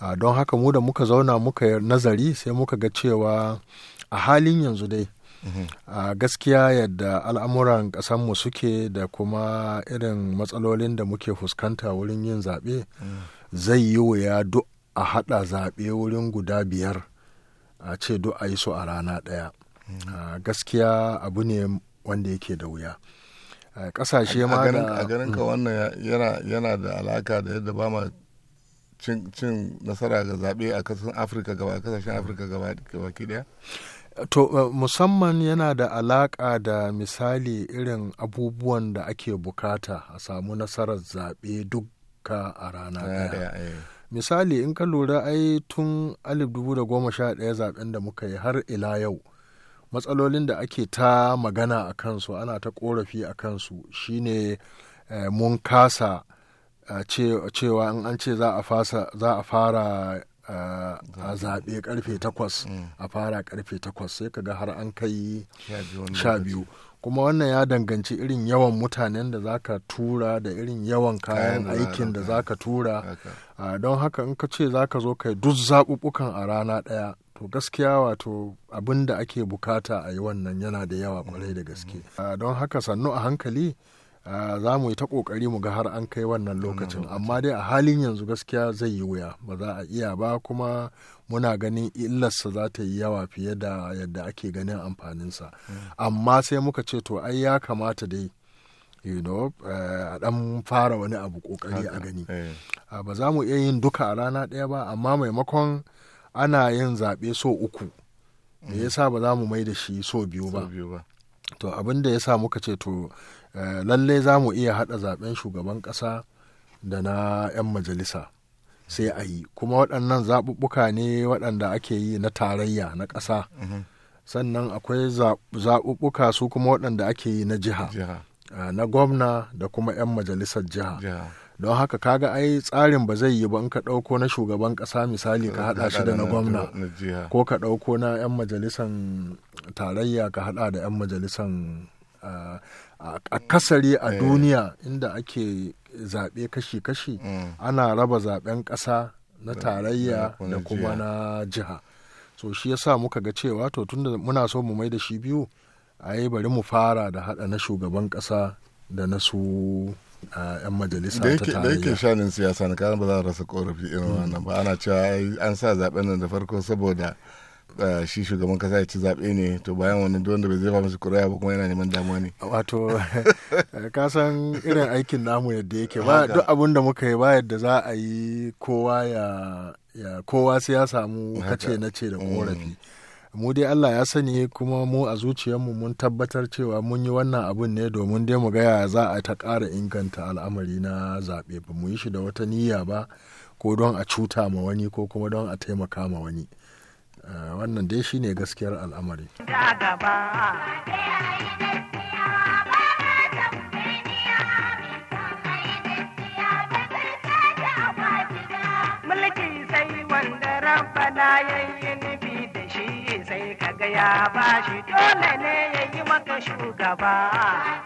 Ah, don haka mu da muka zauna muka nazari sai muka ga cewa a halin yanzu dai mhm. a gaskiya yadda al'amuran mu suke da kuma irin matsalolin da muke fuskanta wurin yin zaɓe mm. zai yi wuya duk a haɗa zaɓe wurin guda biyar a ce duk a yi su a rana ɗaya mm. ah, gaskiya abu ne wanda yake da wuya ah, ƙasashe ma da a ganin ka mm. wannan yana da alaka da yadda ba ma cin nasara ga zaɓe a kasashen afirka gaba kasashen afirka gaba ki daya to eh, musamman yana da alaƙa da misali irin abubuwan da ake bukata a samu nasarar zaɓe duka a rana ɗaya misali in ka lura ai tun 2011 zaɓen da muka yi har ila yau matsalolin da ake ta magana a kansu ana ta korafi a kansu shine eh, mun kasa cewa in an ce za a fara a zaɓe karfe takwas mm. a fara karfe takwas sai ka ga har an kai sha biyu kuma wannan ya danganci irin yawan mutanen da za ka tura da irin yawan kayan aikin da za ka tura don haka in ka ce ka zo kai duk zaɓuɓɓukan a rana ɗaya to gaskiya wato abin da ake bukata a yi wannan yana da yawa kwarai da gaske mm-hmm. don haka sannu a hankali Ah, za mu yi ta kokari mu ga har an kai wannan lokacin amma dai a halin yanzu gaskiya zai yi wuya ba za a iya ba kuma muna ganin illarsa za ta yi yawa fiye da yadda ake ganin amfaninsa hmm. amma sai muka ce to ai ya kamata dai you know eh, a dan fara wani abu kokari a gani eh. ah, ba za mu iya yin duka a rana ɗaya ba amma maimakon ana yin zaɓe so uku me hmm. yasa ba za mu mai da shi so biyu ba to abin da ya sa muka ce to eh, lalle za mu iya haɗa zaben shugaban ƙasa da na 'yan majalisa sai a yi kuma waɗannan zaɓuɓɓuka ne waɗanda ake yi na tarayya na ƙasa mhm. sannan akwai zaɓuɓɓuka su kuma waɗanda ake yi na jiha eh, na gwamna da kuma 'yan majalisar jiha don haka kaga ai tsarin ba zai yi ba in ka ɗauko na shugaban ƙasa misali ka haɗa shi da na gwamna ko ka ɗauko na 'yan majalisan tarayya ka haɗa da 'yan majalisan a kasari a eh. duniya inda ake zaɓe kashi-kashi mm. ana raba zaɓen ƙasa na tarayya da kuma na jiha so shi yasa muka ga cewa to tunda muna so mu mai da shi biyu a bari mu fara da haɗa na shugaban ƙasa da na su a 'yan majalisa ta tarayya da yake shanin siyasa na kan ba za a rasa korafi irin wannan ba ana cewa an sa zaben nan da farko saboda shi shugaban kasa ya ci zaɓe ne to bayan wani duk wanda bai zai masu kuraya ba kuma yana neman damuwa ne wato ka san irin aikin namu yadda yake ba duk abin da muka yi ba yadda za a yi kowa ya kowa sai ya samu kace na ce da mm. korafi mu dai Allah ya sani kuma mu a zuciyarmu mun tabbatar cewa mun yi wannan abun ne domin dai mu gaya za a ta ƙara inganta al'amari na zaɓe ba mu yi shi da wata niyya ba ko don a cuta ma wani ko kuma don a taimaka ma wani eh, wannan dai shi ne gaskiyar al'amari. Mulki yeah, yeah. Daga ya bashi dole ne ya yi maka shugaba.